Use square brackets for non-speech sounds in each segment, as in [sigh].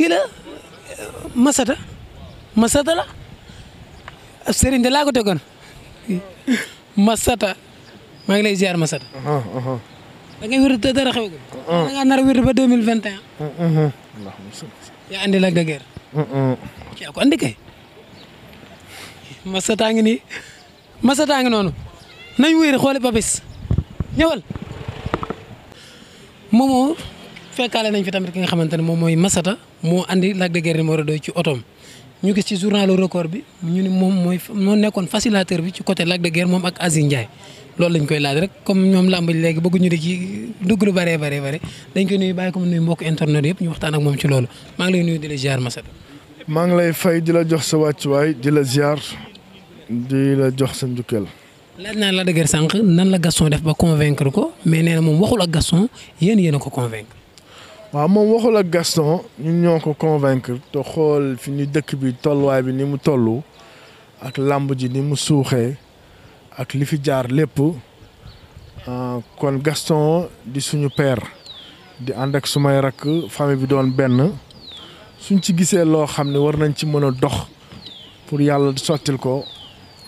kii la masata masata la sëriñ de laa ko tegoon masata maa ngi lay ziar masata. da ngay wér te xew ko. da ngaa nar a wér ba deux mille vingt et yaa andi Lac de Guiers. andi kay. masata ngi nii noonu nañ wéer xooli papis ñëwal moomoo fekkaale nañ fi tamit ki nga xamante ne moom mooy Masata moo andi Lac de moo numéro 2 ci otoom ñu gis ci journalu record bi ñu moom mooy moo nekkoon facilitateur bi ci côté Lac de moom ak Aziz Ndiaye loolu lañ koy laal rek comme ñoom làmb ji léegi bëgguñu di ci dugg lu bëree bëri dañ koy nuyu bàyyi ko mu mbokk internet yëpp ñu waxtaan ak moom ci loolu maa lay nuyu di la maa ngi lay fay di la jox sa wàccuwaay di la ziar di la jox sa njukkeel. laaj naa Lac de sànq nan la Gaston def ba convaincre ko mais nee na moom waxul ak Gaston yéen yéen a ko convaincre. waaw moom waxul ak Gaston ñu ñoo ko convaincre te xool fi ñu dëkk bi tolluwaay bi ni mu toll ak làmb ji ni mu suuxee ak li fi jaar lépp ah, kon Gaston di suñu père di ànd ak sumay rakk famille bi doon benn suñ ci gisee loo xam ne war nañ ci mën a dox pour yàlla sottil ko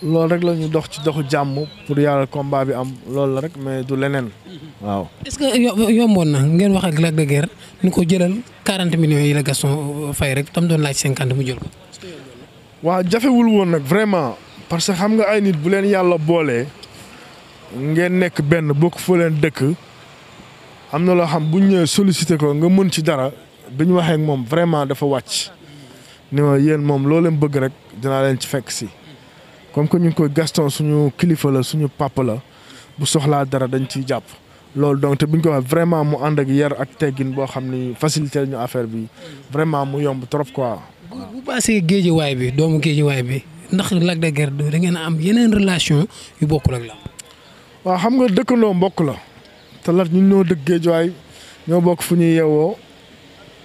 loolu rek la ñu dox ci doxu jàmm pour yàlla combat bi am loolu la rek mais du leneen waaw. est-ce que yomboon na ngeen wax ak Lac de Guiers ni ko jëlal 40 millions yi la gason euh, Fay rek tam doon laaj 50 mu jël ko. waaw jafewul woon nag vraiment parce que xam nga ay nit bu leen yàlla boolee ngeen nekk benn bokk foo leen dëkk am na loo xam bu ñëwee sollicité ko nga mën ci dara bi ñu waxee moom vraiment dafa wàcc ni ma yéen moom loo leen bëgg rek dinaa leen ci fekk si. comme que ñu ngi koy Gaston suñu kilifa la suñu papa la bu soxlaa dara dañ ciy jàpp. loolu donc te bu ñu ko waxee vraiment mu ànd ak yar ak teggin boo xam ni facilité ñu affaire bi vraiment mu yomb trop quoi. bu bu paasee géejewaay bi doomu géejewaay bi ndax Lac de Guiers da ngeen a am yeneen relation yu bokkul la. waaw xam nga dëkkandoo mbokk la te Lat ñun ñoo dëkk géejuwaay ñoo bokk fu ñuy yeewoo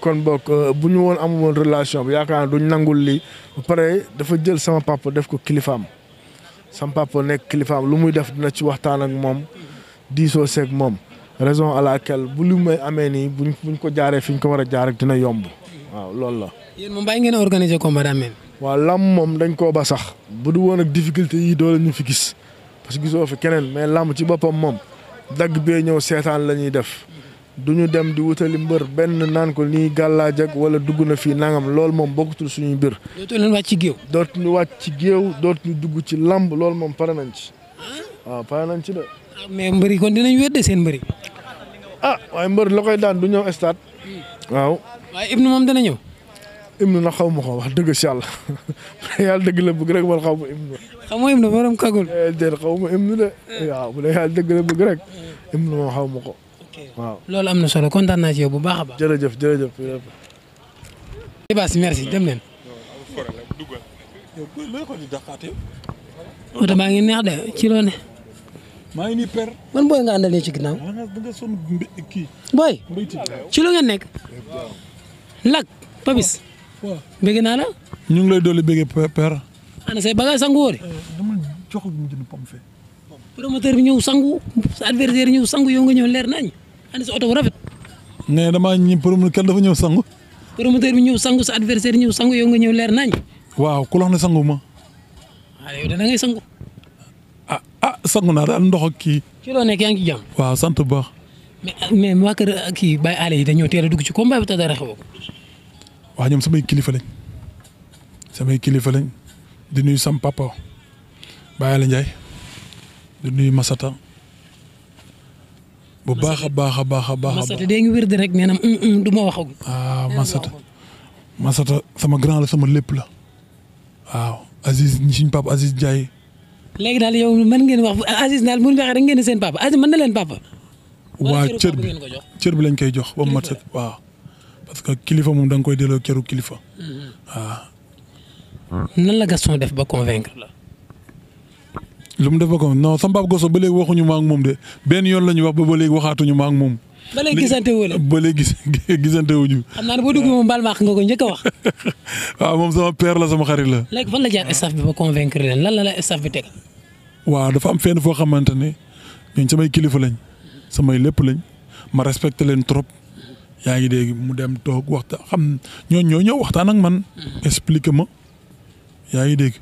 kon bokk euh, bu ñu woon amu woon relation bi yaakaar naa duñ nangul li ba pare dafa jël sama papa def ko kilifaam. sam papa nekk kilifaam lu muy def dina ci waxtaan ak moom diisoo seeg moom raison à laquelle bu lu may amee nii buñ buñ ko jaaree fi ñu ko war a jaar dina yomb waaw loolu la. yéen moom bàyyi ngeen a organiser combat daa mel. waaw lamb moom dañ koo ba sax bu du woon ak difficulté yi doole ñu fi gis parce que gisoo fi keneen mais làmm ci boppam moom dagg bee ñëw seetaan la ñuy def. du ñu dem di wutali mbër benn naan ko nii gàllaaj ak wala dugg na fii nangam lool moom bokkutul suñu mbir. dootu leen wàcc ci géew. dootu ñu ci géew dootu dugg ci lamb loolu moom pare nañ ci waaw pare ci de. Ah, mais mbër yi kon dinañ wedde seen mbër yi. ah waaye mbër la hmm. Ibnu moom dana ñëw. Ibnu na xaw ma ko wax dëgg si yàlla [laughs] dëgg la bëgg rek wala xaw ma Ibnu. Eh, xaw ma Ibnu de. Eh. waaw dëgg la bëgg rek eh. Ibnu moom xaw ma ko waaw loolu am na solo kontaan naa ci yow bu baax a baax. jërëjëf jërëjëf. Libaas merci dem leen. oto ngi neex de ci loo maa ngi nii per. man booy nga àndal nii ci ginnaaw. booy. ci lu ngeen nekk. Lac Papis. bëgg naa la. ñu ngi lay dolli bëgg per. ana say sangu wóore. Eh, dama jox sangu sa adversaire ñëw sangu yow nga ñëw leer nañ andi sa oto bu rafet. nee damaa ñi dafa ñëw sangu. promoteur bi ñëw sangu sa adversaire ñëw sangu yoo nga ñëw leer nañ. waaw ku lox sangu ma. waaw ah, yow dana ngay sangu. ah, ah sangu naa daal ndox ak kii. ci loo nekk ngi ci waaw sant bu baax. mais mais waa kër ah, kii Baye Allé yi dañoo teel a dugg ci combat bi te dara ñoom samay kilifa lañ samay kilifa lañ di nuyu papa Baye Allé Ndiaye Masata. bu baax a baax a baax a baax. Masata dee ngi wérdi rek nee na mm, mm, du ma waxagum. waaw ah, Masata Masata sama grand la sama lépp la waaw Aziz suñ papa Aziz Ndiaye. léegi daal yow mën ngeen wax Aziz daal bu ñu waxee rek ngeen seen papa Aziz mën na leen papa. waa cër bi cër bi lañ koy jox ba mu mat set waaw. parce que kilifa moom da nga koy delloo cëru kilifa. Mm-hmm. waaw. nan la Gaston def ba convaincre la. lu mu def ba ko non sama papa Goso ba léegi waxuñu ma ak moom de benn yoon la ñu wax ba ba léegi waxaatuñu ma moom. ba léegi gisante wu la ba léegi [laughs] gisante wu ñu. xam naa ne boo dugg moom baal ma nga ko njëkk a wax. [laughs] waaw moom sama père la sama xarit la. léegi fan la jaar staff bi ba convaincre leen lan la la staff bi teg. waaw dafa am fenn foo xamante ne ñun samay kilifa lañ samay lépp lañ ma respecté leen trop yaa ngi dégg mu dem toog waxtaan xam ñoo ñoo ñëw waxtaan ak man mm-hmm. expliqué ma yaa ngi dégg.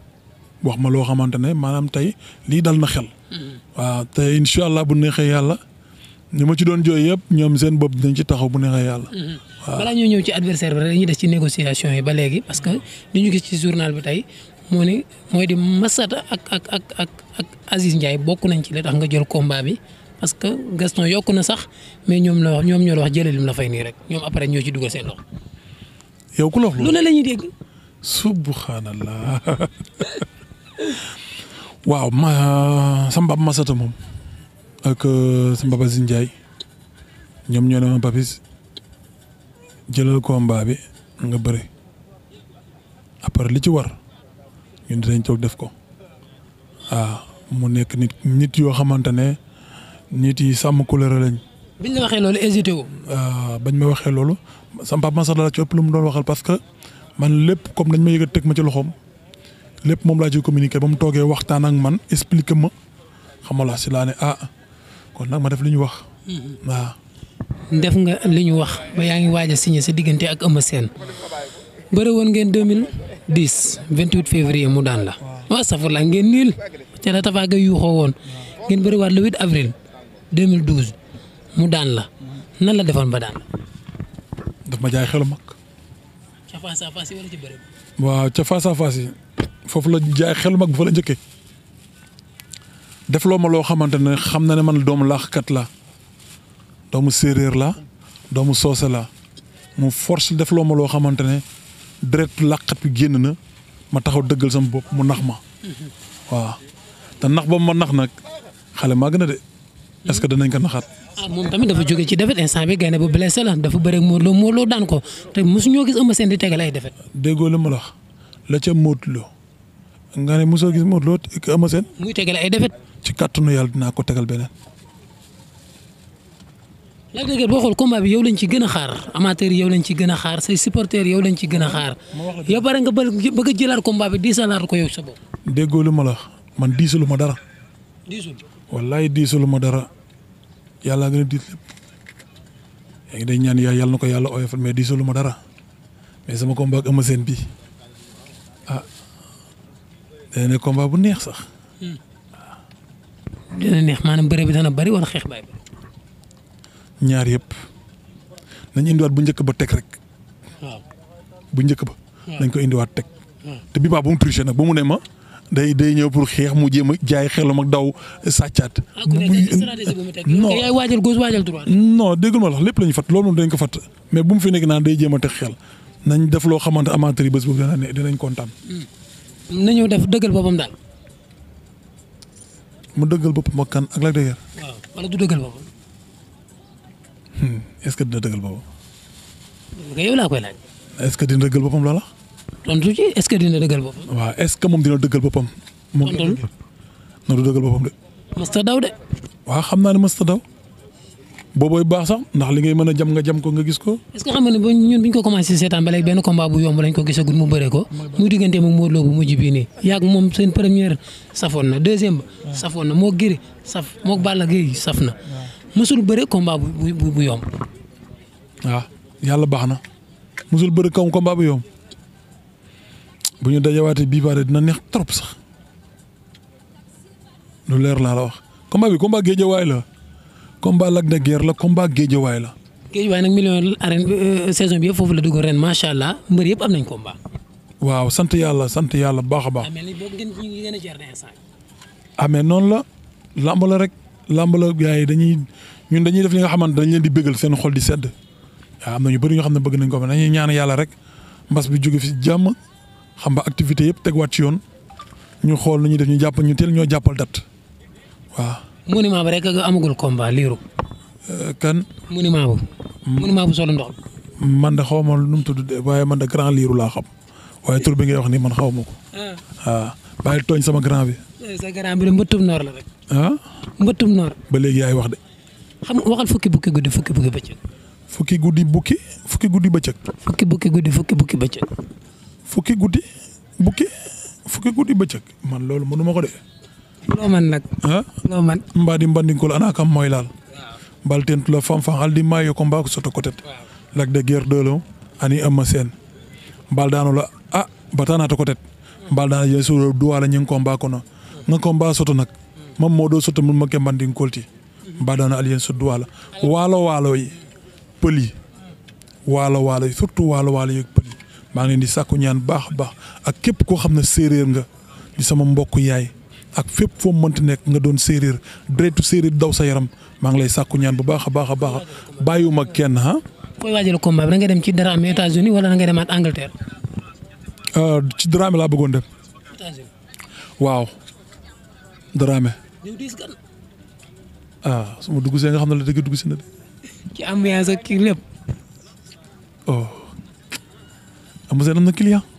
wax ma loo xamante ne maanaam tey lii dal na xel. waaw te incha allah bu neexee yàlla ni ma ci doon jooy yëpp ñoom seen bopp dinañ ci taxaw bu neexee yàlla. Mm-hmm. waaw balaa ñuy ñëw ci adversaire bi rek dañuy des ci négociation yi ba léegi parce que li ñu gis ci journal bi tey moo ni mooy di Massata ak ak ak ak ak Aziz Ndiaye bokk nañ ci li nga jël combat bi. parce que Gaston yokk na sax mais ñoom la wax ñoom ñoo wax jëlee lim la fay nii rek ñoom après ñoo ci dugal seen loxo. yow ku la lu ne la dégg. subhanallah [laughs] [laughs] waaw ma sa bab Masata moom ak euh, sama baba Zin Ndiaye ñoom ñoo ne Papis jëlal combat bi nga bëri après li ci war ñun dinañ toog def ko waaw ah, mu nekk nit nit yoo xamante ne nit yi sàmm couleur lañ. biñ la waxee loolu hésité wu. Ah, bañ ma waxee loolu sama papa Masata la ci ëpp lu mu doon waxal parce que man lépp comme dañ ma yëg a teg ma ci loxoom. lépp moom laa ci communiqué ba mu toogee waxtaan ak man expliqué ma xamala si laa ne ah kon nag ma def li ñu wax waaw. def nga li ñu wax ba yaa ngi waaj si signé sa diggante ak Eumeu Sène bëre woon ngeen 2010 28 février mu daan la waaw safurla ngeen niil ca la Tapha Gueye yuuxoo woon ngeen bëriwaat le 8 avril 2012 mu daan la mm-hmm. nan la defoon ba daan la. daf ma jaay xelu mag. face à face yi wala ci bëri waaw ca face yi foofu la jaay xelu mag bu fa la njëkkee def loo ma loo xamante ne xam na ne man doomu laaxkat la doomu séeréer la doomu soose la mu force def loo ma loo xamante ne deret làqat bi génn na ma taxaw dëggal sama bopp mu nax ma mm-hmm. waaw te nax ba ma nax nag xale maa gën a de est que danañ ko naxaat. ah moom tamit dafa jóge ci défaite instant bi gaynde bu blessé dafa bëre ak Modou Lo Modou daan ko te mosu ñoo gis Eumeu Sène di tegal ay défaite. déggoo la ma la wax la ca nga ne mosoo gis Modou Lo Eumeu Sène. muy ay défaite. ci kàttanu yàlla ko tegal beneen. Lac de Guiers boo xool combat gën a xaar amateur yow lañ ci gën a xaar say supporters yow lañ ci gën a xaar yow pare nga bëgg a jëlaat combat bi diisalaat ko yow sa bopp. déggoo lu ma la man diisalu ma dara. diisul wallaay diisalu ma dara yàlla gën a diis lépp yaa ngi ñaan yaay yàlla na ko yàlla oyofal mais diisalu ma dara mais sama combat ak bi ah dana ne combat bu neex sax. Hmm. dina neex maanaam bëre bi dana bari wala xeex baay ñaar yëpp nañ indiwaat bu njëkk ba teg rek. bu njëkk ba. Hmm. nañ ko indiwaat teg. Hmm. te bi baa bu mu triché nag ba mu ne ma. day day ñëw pour xeex mu jéem a jaay xelam ak daw sàccaat. Ah, non yaay waajal gauche waajal droite. non ma la lépp la ñu fat loolu dañ ko fat mais bu mu fi nekk naan day jéem a teg xel nañ def loo xamante amateur yi bés boobu dana ne dinañ kontaan. Hmm. nañu dëggal boppam daal. mu dëggal boppam ak laa ak la dëgër. waaw wala du dëggal boppam. Hmm, est-ce que dina dëggal boppam. yow laa tontu ci est-ce que dina dëggal boppam. waaw est-ce que moom dina dëggal boppam. moom du dëggal boppam de. mësta daw de. waaw xam naa ne mësta daw. boobooy baax sax ndax li ngay mën a jam nga jam ko nga gis ko. est-ce que xam nga ne ñun bi ñu ko commencé seetaan ba léegi benn combat bu yomb lañ ko gisagul mu bëree ko. muy diggante mu Modou Lo bu mujj bii nii. yàgg moom seen première safoon na deuxième ba. safoon na moo Gris saf moo Balla Gaye saf na. mësul bëre combat bu bu bu yomb. waaw ah, yàlla baax na mësul bëre kaw combat bu bu ñu dajawaatee bii baare dina neex trop sax lu leer laa la wax combat bi combat géejawaay la combat Lac de Guiers la combat waay la. géejawaay nag million arène euh, saison bi yëpp foofu la dugg ren macha allah mbër yëpp am nañ combat. waaw sant yàlla sant yàlla baax a baax. amee ah, ah, noonu la làmb rek làmb la yi dañuy ñun dañuy def li nga xamante dañ leen di bëggal seen xol di sedd waaw am na ñu bëri ñoo xam ne bëgg nañ ko ba dañuy ñaan yàlla rek mbas bi jóge fi jàmm xam ba activité yëpp tegwaat ci yoon ñu xool nu ñuy def ñu jàppal ñu teel ñoo jàppal date waaw. monument bi rek amagul komba liiru. Euh, kan. monument bu. Mm. monument bu solo ndox. man de xaw ma nu mu tudd waaye man de grand liiru laa xam waaye tur bi ngay wax nii man xaw ma ko. waaw ah. ah. tooñ sama grand bi. Eh, sa grand bi de mbëttum noor la rek. ah. mbëttum noor. ba léegi yaay wax de. xam waxal fukki bukki guddi fukki bukki bëccëg. fukki guddi bukki fukki guddi bëccëg. fukki bukki guddi fukki bukki bëccëg. fukki guddi bukki fukki guddi bëccëg man loolu mënu ma ko de. loo man nag. a loo man. mbaadi mbandikul anakam mooy laal. mbal tentu la fanfan al di maayo ko soto ko tet. Lac de Guiers 2 la ani Eumeu Sène mbal daanu la ah bataanaata ko tet. mbal daana duwaala ñu ngi ko mbaa ko soto nag mam moo doo soto mun ma ke mbandikul ti mbal daana alien su duwaala waalo waalo yi pël yi mm. waalo waalo yi surtout waalo waalo yi maa ngi leen di sàkku ñaan baax baax ak képp koo xam ne séeréer nga di sama mbokk yaay ak fépp foo mënti nekk nga doon séeréer deretu séeréer daw sa yaram maa ngi lay sàkku ñaan bu baax a baax a baax bàyyiwuma kenn ah. koy waajal combat bi da nga dem ci dara am États-Unis wala da nga demaat Angleterre. Euh, ci Dramé laa bëggoon dem. waaw. Dramé. Ah, dugg see nga xam ne la si na ci ambiance ak vamos ver no que